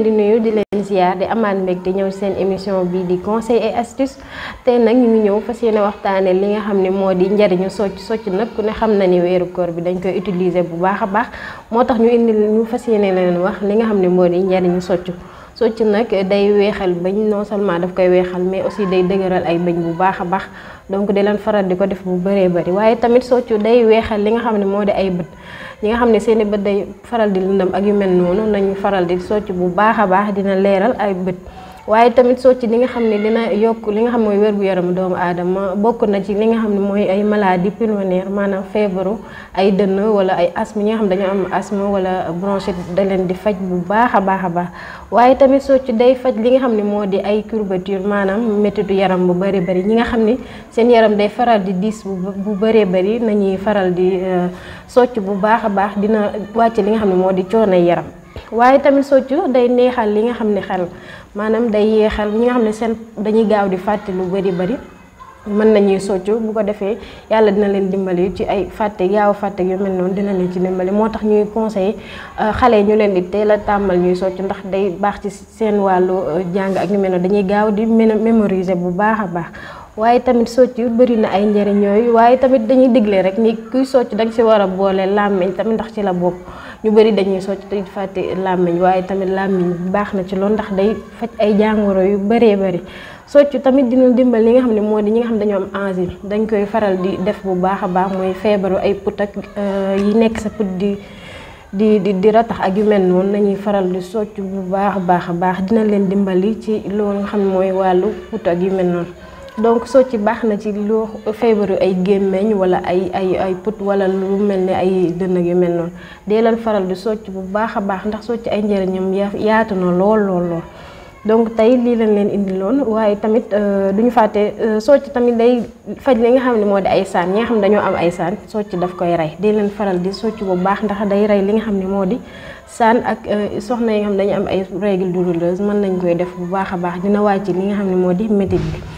leen di nuyu di leen ziar di amaat mbégte ñëw seen émission bi di conseil et astuce tey nag ñu ñëw fas yéene waxtaanee li nga xam ne moo di njariñu socc socc nag ku ne xam na ni weeru koor bi dañ koy utiliser bu baax a baax moo tax ñu indi ñu fas yéene leen wax li nga xam ne moo di njariñu socc socc nag day weexal bañ non seulement daf koy weexal mais aussi day dëgëral ay bañ bu baax a baax donc di leen faral di ko def bu bëree bari waaye tamit socc day weexal li nga xam ne moo di ay bët li nga xam ne seeni bët day faral di lëndëm ak yu mel noonu nañu faral di socc bu baax a baax dina leeral ay bët waaye tamit socc li nga xam ne dina yokk li nga xam mooy wér-gu-yaramu doomu aadama bokk na ci li nga xam ne mooy ay maladie pulmonaire maanaam feebaru ay dënn wala ay asthme ñi nga xam ne dañoo am asthme wala bronchite da leen di faj bu baax a baax a baax waaye tamit socc day faj li nga xam ne moo di ay courbature maanaam méttitu yaram bu bëri bëri ñi nga xam ne seen yaram day faral di diis bu bëree bëri nañuy faral di euh, socc bu baax a baax dina wàcc li nga xam ne moo di coonay yaram waaye tamit soccu day neexal li nga xam ne xel maanaam day yeexal ñi nga xam ne seen dañuy gaaw di fàtte lu bari bari mën nañuy soccu bu ko defee yàlla dina leen dimbali ci ay fàtte yaaw fàtte yu mel noonu dina leen ci dimbali moo tax ñuy conseil euh, xale yi ñu leen di teel a tàmbal ñuy soccu ndax day baax ci seen wàllu euh, jàng ak ñu mel na dañuy gaaw di mémoriser bu baax a baax waaye tamit socc bëri na ay njëriñ yooyu waaye tamit dañuy digle rek ni kuy socc dañu si war a boole làmmiñ tamit ndax ci la bokk ñu bëri dañuy socc te fàtte làmmiñ waaye tamit làmmiñ baax na ci loolu ndax day faj ay jàngoro yu bëree bëri socc tamit dina dimbal li nga xam ne moo di ñi xam ne dañoo am enzyme dañ koy faral di def bu baax a baax mooy feebaru ay put ak euh, yi nekk sa put di di di di ratax ak yu mel noonu nañuy faral di socc bu baax a baax a baax dina leen dimbali ci loolu nga xam ne mooy wàllu put ak yu mel noonu donc socc baax na ci lu feebaru ay gémmeñ wala ay ay ay put wala lu mel ni ay dënn yu mel noonu dee faral di socc bu baax a baax ndax socc ay njëriñam yaatu na lool lool lool. donc tey lii leen leen indiloon waaye tamit euh, du ñu fàtte euh, socc tamit day faj li nga xam ni moo di ay saan ñi nga xam ne dañoo am ay saan socc daf koy rey dee leen faral di socc bu baax ndax day rey li nga xam ni moo di saan ak euh, soxna yi nga xam ne am ay règles douloureuses mën nañ koy def bu baax a baax dina wàcc li nga xam ne moo di métit bi.